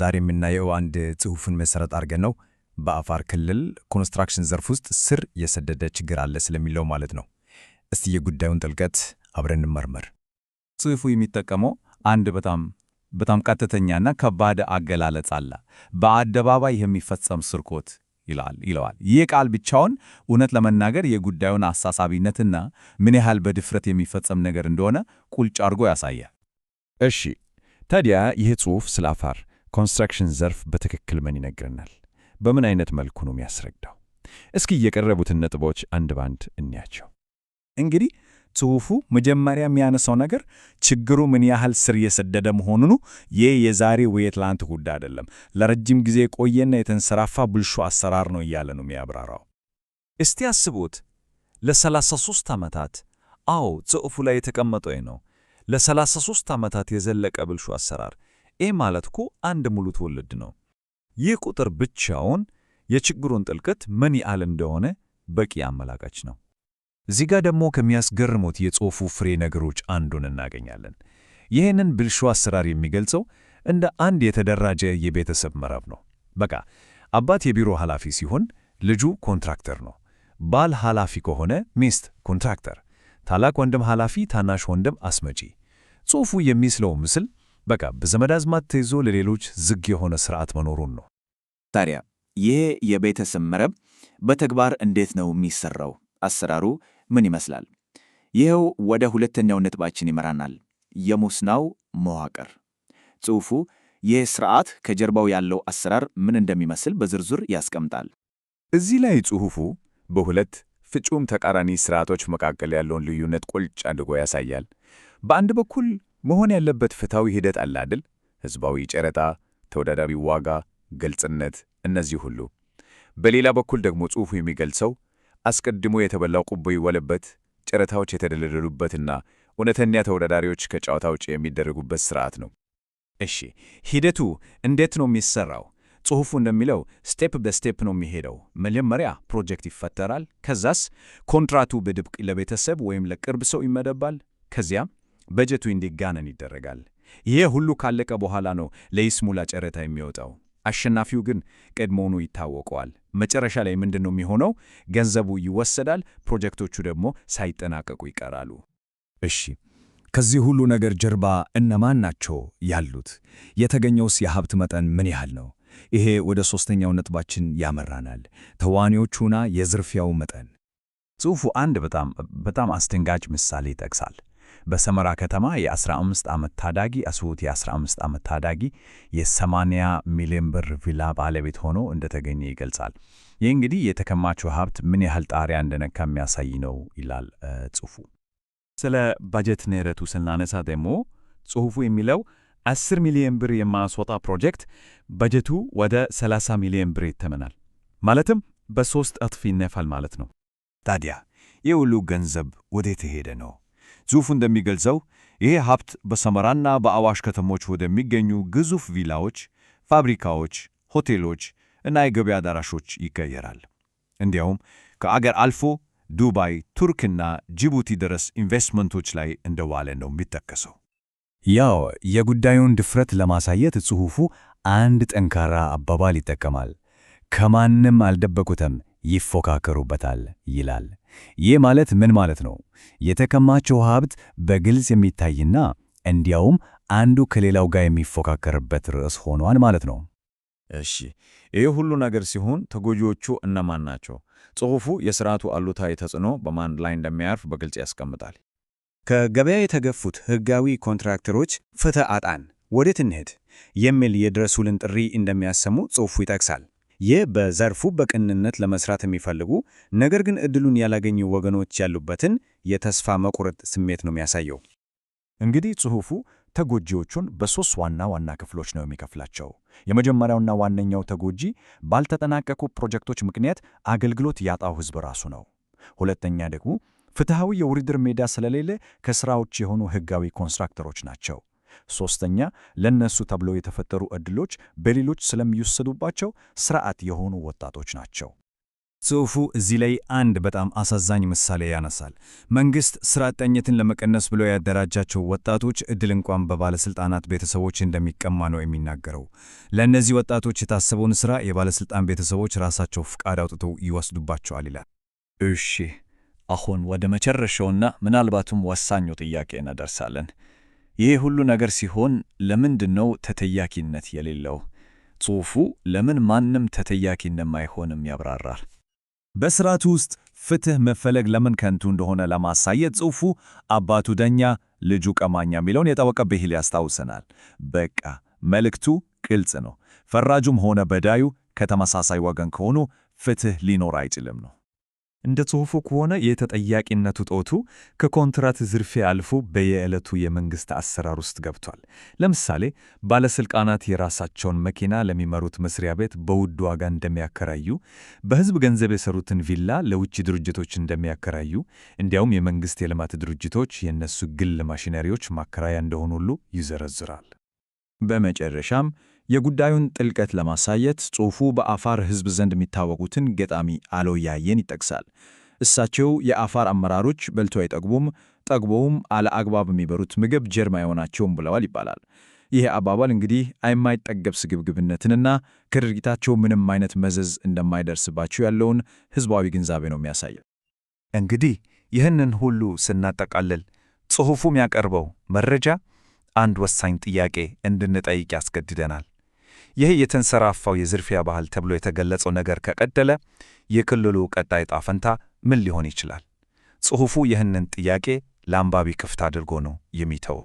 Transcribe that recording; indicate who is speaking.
Speaker 1: ዛሬ የምናየው አንድ ጽሑፍን መሰረት አድርገን ነው። በአፋር ክልል ኮንስትራክሽን ዘርፍ ውስጥ ስር የሰደደ ችግር አለ ስለሚለው ማለት ነው። እስቲ የጉዳዩን ጥልቀት አብረን እንመርመር።
Speaker 2: ጽሑፉ የሚጠቀመው አንድ በጣም በጣም ቀጥተኛና ከባድ አገላለጽ አለ። በአደባባይ የሚፈጸም ስርቆት ይላል ይለዋል። ይህ ቃል ብቻውን እውነት ለመናገር የጉዳዩን አሳሳቢነትና ምን ያህል በድፍረት የሚፈጸም ነገር እንደሆነ ቁልጭ አድርጎ ያሳያል።
Speaker 1: እሺ ታዲያ ይህ ጽሑፍ ስለ አፋር ኮንስትራክሽን ዘርፍ በትክክል ምን ይነግርናል? በምን አይነት መልኩ ነው የሚያስረዳው? እስኪ የቀረቡትን ነጥቦች አንድ ባንድ እንያቸው።
Speaker 2: እንግዲህ ጽሑፉ መጀመሪያ የሚያነሳው ነገር ችግሩ ምን ያህል ስር የሰደደ መሆኑኑ። ይህ የዛሬ የዛሬው የትላንት ጉዳይ አይደለም፣ ለረጅም ጊዜ የቆየና የተንሰራፋ ብልሹ አሰራር ነው እያለ ነው የሚያብራራው።
Speaker 1: እስቲ አስቡት ለ33 ዓመታት አዎ፣ ጽሑፉ ላይ የተቀመጠው ነው። ለ33 ዓመታት የዘለቀ ብልሹ አሰራር ኤ ማለት እኮ አንድ ሙሉ ትውልድ ነው። ይህ ቁጥር ብቻውን የችግሩን ጥልቀት ምን ያህል እንደሆነ በቂ አመላካች ነው።
Speaker 2: እዚህ ጋር ደግሞ ከሚያስገርሙት የጽሑፉ ፍሬ ነገሮች አንዱን እናገኛለን። ይህንን ብልሹ አሰራር የሚገልጸው እንደ አንድ የተደራጀ የቤተሰብ መረብ ነው። በቃ አባት የቢሮ ኃላፊ ሲሆን ልጁ ኮንትራክተር ነው። ባል ኃላፊ ከሆነ ሚስት ኮንትራክተር፣ ታላቅ ወንድም ኃላፊ፣ ታናሽ ወንድም አስመጪ። ጽሑፉ የሚስለው ምስል በቃ በዘመድ አዝማድ ተይዞ ለሌሎች ዝግ የሆነ ስርዓት መኖሩን ነው።
Speaker 1: ታዲያ ይሄ የቤተሰብ መረብ በተግባር እንዴት ነው የሚሰራው? አሰራሩ ምን ይመስላል? ይኸው ወደ ሁለተኛው ነጥባችን ይመራናል። የሙስናው መዋቅር ጽሑፉ ይህ ስርዓት ከጀርባው ያለው አሰራር ምን እንደሚመስል በዝርዝር ያስቀምጣል።
Speaker 2: እዚህ ላይ ጽሑፉ በሁለት ፍጹም ተቃራኒ ስርዓቶች መካከል ያለውን ልዩነት ቁልጭ አድርጎ ያሳያል። በአንድ በኩል መሆን ያለበት ፍትሐዊ ሂደት አለ አይደል? ህዝባዊ ጨረታ፣ ተወዳዳሪ ዋጋ፣ ግልጽነት፣ እነዚህ ሁሉ። በሌላ በኩል ደግሞ ጽሑፉ የሚገልጸው አስቀድሞ የተበላው ቁቦ ይወለበት፣ ጨረታዎች የተደለደሉበትና እውነተኛ ተወዳዳሪዎች ከጨዋታ ውጭ የሚደረጉበት ስርዓት ነው።
Speaker 1: እሺ፣ ሂደቱ እንዴት ነው የሚሰራው? ጽሑፉ እንደሚለው ስቴፕ በስቴፕ ነው የሚሄደው። መጀመሪያ ፕሮጀክት ይፈጠራል። ከዛስ ኮንትራቱ በድብቅ ለቤተሰብ ወይም ለቅርብ ሰው ይመደባል። ከዚያም በጀቱ እንዲጋነን ይደረጋል። ይሄ ሁሉ ካለቀ በኋላ ነው ለይስሙላ ጨረታ የሚወጣው። አሸናፊው ግን ቀድሞውኑ ይታወቀዋል። መጨረሻ ላይ ምንድን ነው የሚሆነው? ገንዘቡ ይወሰዳል፣ ፕሮጀክቶቹ ደግሞ ሳይጠናቀቁ ይቀራሉ።
Speaker 3: እሺ፣ ከዚህ ሁሉ ነገር ጀርባ እነማን ናቸው ያሉት? የተገኘውስ የሀብት መጠን ምን ያህል ነው? ይሄ ወደ ሦስተኛው ነጥባችን ያመራናል፣ ተዋኒዎቹና የዝርፊያው መጠን።
Speaker 2: ጽሑፉ አንድ በጣም በጣም አስደንጋጭ ምሳሌ ይጠቅሳል። በሰመራ ከተማ የ15 ዓመት ታዳጊ አስሁት የ15 ዓመት ታዳጊ የ80 ሚሊዮን ብር ቪላ ባለቤት ሆኖ እንደተገኘ ይገልጻል። ይህ እንግዲህ የተከማቸው ሀብት ምን ያህል ጣሪያ እንደነካ የሚያሳይ ነው ይላል ጽሑፉ።
Speaker 1: ስለ ባጀት ንረቱ ስናነሳ ደግሞ ጽሑፉ የሚለው 10 ሚሊዮን ብር የማስወጣ ፕሮጀክት በጀቱ ወደ 30 ሚሊዮን ብር ይተመናል። ማለትም በሦስት እጥፍ ይነፋል ማለት ነው።
Speaker 2: ታዲያ የሁሉ ገንዘብ ወዴት ሄደ ነው? ጽሑፉ እንደሚገልጸው ይሄ ሀብት በሰመራና በአዋሽ ከተሞች ወደሚገኙ ግዙፍ ቪላዎች፣ ፋብሪካዎች፣ ሆቴሎች እና የገበያ አዳራሾች ይቀየራል። እንዲያውም ከአገር አልፎ ዱባይ፣ ቱርክና ጅቡቲ ድረስ ኢንቨስትመንቶች ላይ እንደዋለ ነው የሚጠቀሰው።
Speaker 3: ያው የጉዳዩን ድፍረት ለማሳየት ጽሑፉ አንድ ጠንካራ አባባል ይጠቀማል። ከማንም አልደበቁትም ይፎካከሩበታል ይላል። ይህ ማለት ምን ማለት ነው? የተከማቸው ሀብት በግልጽ የሚታይና እንዲያውም አንዱ ከሌላው ጋር የሚፎካከርበት ርዕስ ሆኗል ማለት ነው።
Speaker 2: እሺ ይህ ሁሉ ነገር ሲሆን ተጎጂዎቹ እነማን ናቸው? ጽሑፉ የሥርዓቱ አሉታዊ ተጽዕኖ በማን ላይ እንደሚያርፍ በግልጽ ያስቀምጣል።
Speaker 1: ከገበያ የተገፉት ሕጋዊ ኮንትራክተሮች ፍትህ አጣን፣ ወዴት እንሄድ? የሚል የድረሱልን ጥሪ እንደሚያሰሙ ጽሑፉ ይጠቅሳል። ይህ በዘርፉ በቅንነት ለመስራት የሚፈልጉ ነገር ግን እድሉን ያላገኙ ወገኖች ያሉበትን የተስፋ መቁረጥ ስሜት ነው የሚያሳየው።
Speaker 2: እንግዲህ ጽሑፉ ተጎጂዎቹን በሦስት ዋና ዋና ክፍሎች ነው የሚከፍላቸው። የመጀመሪያውና ዋነኛው ተጎጂ ባልተጠናቀቁ ፕሮጀክቶች ምክንያት አገልግሎት ያጣው ሕዝብ ራሱ ነው። ሁለተኛ ደግሞ ፍትሐዊ የውድድር ሜዳ ስለሌለ ከሥራ ውጭ የሆኑ ሕጋዊ ኮንትራክተሮች ናቸው። ሶስተኛ ለነሱ ተብለው የተፈጠሩ እድሎች በሌሎች ስለሚወሰዱባቸው ስርዓት የሆኑ ወጣቶች ናቸው።
Speaker 1: ጽሑፉ እዚህ ላይ አንድ በጣም አሳዛኝ ምሳሌ ያነሳል። መንግሥት ሥራ አጥነትን ለመቀነስ ብሎ ያደራጃቸው ወጣቶች እድል እንኳን በባለሥልጣናት ቤተሰቦች እንደሚቀማ ነው የሚናገረው። ለእነዚህ ወጣቶች የታሰበውን ሥራ የባለሥልጣን ቤተሰቦች ራሳቸው ፍቃድ አውጥተው ይወስዱባቸዋል ይላል።
Speaker 3: እሺ አሁን ወደ መጨረሻውና ምናልባትም ወሳኙ ጥያቄ እንደርሳለን። ይህ ሁሉ ነገር ሲሆን ለምንድን ነው ተጠያቂነት የሌለው? ጽሑፉ ለምን ማንም ተጠያቂ እንደማይሆንም ያብራራል።
Speaker 2: በሥርዓቱ ውስጥ ፍትሕ መፈለግ ለምን ከንቱ እንደሆነ ለማሳየት ጽሑፉ አባቱ ዳኛ፣ ልጁ ቀማኛ የሚለውን የታወቀ ብሂል ያስታውሰናል። በቃ መልእክቱ ግልጽ ነው። ፈራጁም ሆነ በዳዩ ከተመሳሳይ ወገን ከሆኑ ፍትሕ ሊኖር አይችልም ነው።
Speaker 1: እንደ ጽሑፉ ከሆነ የተጠያቂነቱ ጦቱ ከኮንትራት ዝርፌ አልፎ በየዕለቱ የመንግሥት አሰራር ውስጥ ገብቷል። ለምሳሌ ባለሥልጣናት የራሳቸውን መኪና ለሚመሩት መስሪያ ቤት በውድ ዋጋ እንደሚያከራዩ፣ በሕዝብ ገንዘብ የሰሩትን ቪላ ለውጭ ድርጅቶች እንደሚያከራዩ፣ እንዲያውም የመንግሥት የልማት ድርጅቶች የእነሱ ግል ማሽነሪዎች ማከራያ እንደሆኑ ሁሉ ይዘረዝራል።
Speaker 2: በመጨረሻም የጉዳዩን ጥልቀት ለማሳየት ጽሑፉ በአፋር ሕዝብ ዘንድ የሚታወቁትን ገጣሚ አሎያየን ይጠቅሳል። እሳቸው የአፋር አመራሮች በልቶ አይጠግቡም፣ ጠግበውም አለአግባብ የሚበሩት ምግብ ጀርማ የሆናቸውም ብለዋል ይባላል። ይህ አባባል እንግዲህ የማይጠገብ ስግብግብነትንና ከድርጊታቸው ምንም አይነት መዘዝ እንደማይደርስባቸው ያለውን ሕዝባዊ ግንዛቤ ነው የሚያሳየው።
Speaker 1: እንግዲህ ይህንን ሁሉ ስናጠቃልል ጽሑፉ የሚያቀርበው መረጃ አንድ ወሳኝ ጥያቄ እንድንጠይቅ ያስገድደናል። ይህ የተንሰራፋው የዝርፊያ ባህል ተብሎ የተገለጸው ነገር ከቀደለ የክልሉ ቀጣይ ዕጣ ፈንታ ምን ሊሆን ይችላል? ጽሑፉ ይህንን ጥያቄ ለአንባቢ ክፍት አድርጎ ነው የሚተወው።